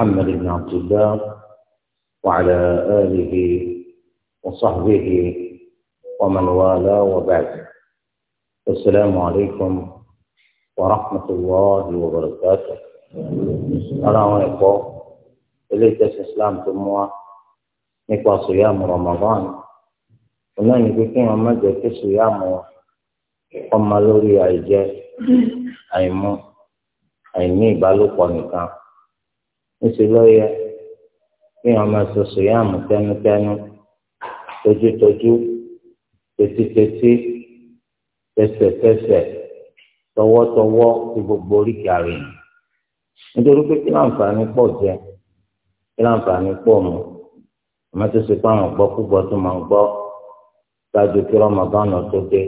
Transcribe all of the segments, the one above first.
محمد بن عبد الله وعلى آله وصحبه ومن والاه وبعد السلام عليكم ورحمة الله وبركاته السلام عليكم إليك الإسلام تموا نقوى صيام رمضان ọ̀nà ìgbékin ọmọ jẹ kí sùyàmù ọmọ lórí àìjẹ àìmú àìní ìbálòpọ̀ nìkan níṣẹ́ lọ́yẹ kí wọ́n máa sọ sòyàmù tẹnutẹnu tójútójú tètítètí tẹsẹ̀tẹsẹ̀ tọwọ́tọwọ́ ti gbogbo oríkì àrùn nítorí pé kí láǹfààní pọ̀ jẹ kí láǹfààní pọ̀ mu àmọ́ tó ṣe pé àwọn gbọ́ púpọ̀ tó máa ń gbọ́ ṣáájú kí rọmọbánà tó dé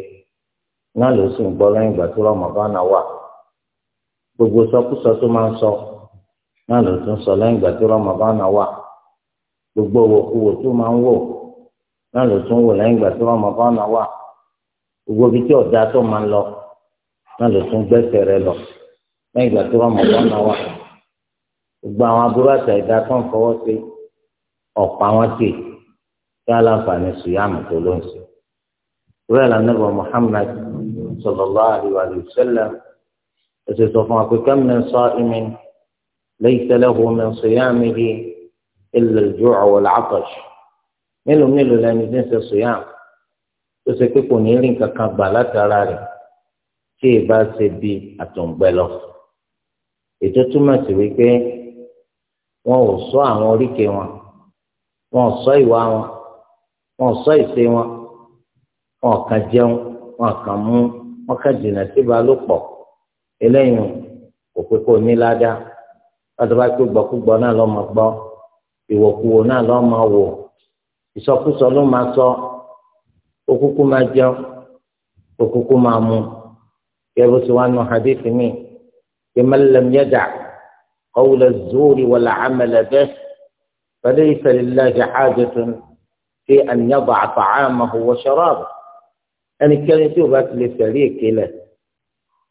náà ló sì ń gbọ́ lẹ́yìn ìgbà tí rọmọbánà wà gbogbo sọkúsọ tó máa ń sọ náà ló tún sọ lẹ́yìn ìgbà tí Ramadan wà gbogbo òwòkúwò tó máa ń wò náà ló tún wò lẹ́yìn ìgbà tí Ramadan wà gbogbo ibi tí ọ̀dà tó máa ń lọ náà ló tún gbẹ́sẹ̀ rẹ lọ lẹ́yìn ìgbà tí Ramadan wà gbogbo àwọn aburú àtà ìdá tó ń fọwọ́ sí ọ̀pọ̀ àwọn tì kí aláǹfààní sùyàmù tó ló ń sè. Ìwé ìlànàbọ̀ Mùhàmmad sallallahu alaihi wa sallam ẹ̀sẹ̀ ليس له من صيامه إلا الجوع والعطش mélòó mélòó lẹni tí ń ṣe sòyàm tó ṣe pé kò ní rí nǹkan kan gbà látara rẹ̀ tí ì bá ṣe bí àtọ̀ǹgbẹ lọ ètò túmọ̀ sí wọn ò sọ àwọn oríkèé wọn wọn ò sọ ìwà wọn wọn ò sọ ìṣe wọn wọn kàn jẹun wọn kàn mú wọn kàn jìnnà síba eléyìí kò pé kò ní ládàá pàtó bá pé gbọ́kúgbọ́ náà lọ́ máa gbọ́ ìwòkuwò náà lọ́ máa wò ìsọkúsọ ló máa sọ okúkú máa jẹun okúkú máa mu kẹ́rù tí wàá nù hadith mi man lam yada' qawla az-zuri wal 'amala bihi falaysa lillahi hajatun fi an yada'a ta'amahu ẹnikẹ́ni tí o bá ti fẹ̀rí èké lẹ̀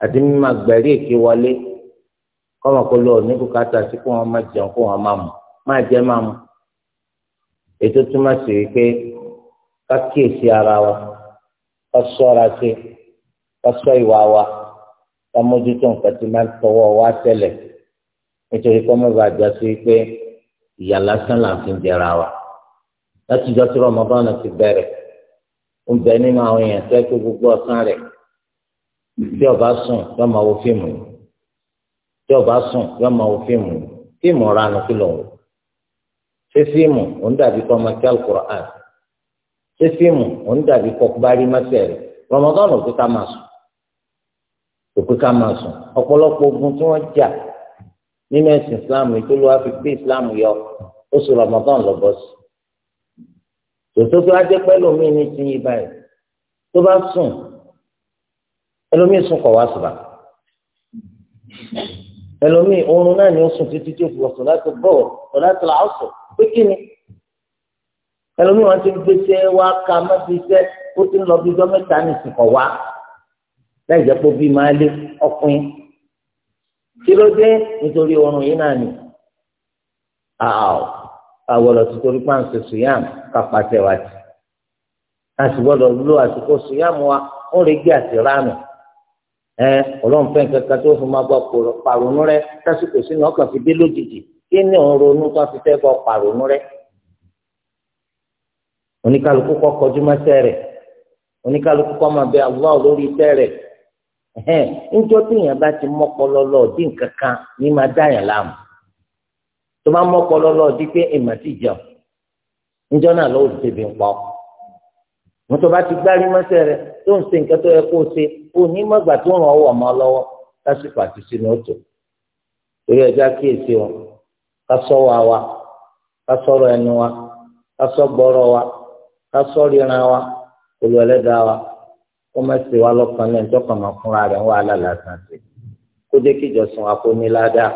àti mímọ àgbẹ̀rí èké wọlé kọ́mọ kó lọ ní bùkátà sí kó wọn máa jẹun kó wọn máa mọ̀ máa jẹ máa mọ̀ ètò túmọ̀ sí wípé ká kíyèsí ara wa ká ṣọ́ra sí ká ṣọ́ ìwà wa ká mójútó nǹkan tí máa ń tọwọ́ wa tẹ́lẹ̀ nítorí kọ́mọ bàjẹ́ sí wípé ìyà lásán là ń fi jẹra wa láti ìjọ tí rọmọbọ́nà ti bẹ̀rẹ̀ ń bẹ nínú àwọn èèyàn tẹ́ pé gbogbo ọ̀sán rẹ̀ tí ọba sùn lọ́mọ wo fíìmù yìí tí ọba sùn yọ máa wo fíìmù fíìmù ọ̀rọ̀ àná kí lọ wò ṣé fíìmù òun dàbí kọ́ máa kí alukur'an ṣé fíìmù òun dàbí kọ́ gbárí mọ́sẹ̀rẹ̀ rọmọdọ́nù òkú ká máa sùn òkú ká máa sùn ọ̀pọ̀lọpọ̀ ogun tí wọ́n jà nínú ẹ̀sìn islam ètò olúwa fi gbé islam yọ oṣù rọmọdọ́nù lọ́bọ̀ sí tòótọ́ tó ajẹ́ pẹ́ lómi ní ti yí báyìí tó bá sùn ẹlòmíì sùn kọ̀ wá sùn báyìí ẹlòmíì oorun náà ni ó sùn títí tí ó fi wọ sọlá tó bọ̀ sọlá tó là á sọ pé kí ni ẹlòmíì wọn ti ń gbèsè wá ká mọ́tò iṣẹ́ ó ti ń lọ bí ọjọ́ ní ìsìnkọ̀ wá láì jẹ́ pé bí máa lé ọkùnrin kí ló dé nítorí oorun yìí náà ni àwọ̀lọ̀ tó torí pàǹsẹ̀ sùyàm kápá tẹ̀ wá jù a sì gbọ́dọ̀ lo àsìkò sùyàm wa ó lè gbé àti ránù. ẹ ọlọ́run fẹ́ nǹkan tó fún ma gbọ́ pàrònú rẹ tásìkò sínú ọkàn fi dé lójijì kí ni òun ronú tó fi fẹ́ gbọ́ pàrònú rẹ. oníkálukú kọ́ kọjú bẹ Allah lórí iṣẹ́ bá ti ní láàmú tó wọn tó bá ti gbárí mọ́sẹ̀ rẹ tó ń ṣe nǹkan tó yẹ kó o ṣe onímọ̀gbà tó ràn ọwọ́ ọmọ lọ́wọ́ lásìkò àti sínú ọ̀tọ̀ torí ẹja kíyèsí wọn wa ẹnu wa ká sọ́ wa ká ríran wa olùwẹ̀lẹ́dà wa kó má wa lọ́kàn náà ìjọkàn máa fúnra rẹ̀ ń wà lálàsàn sí kó dé kíjọsìn wa kó dàrú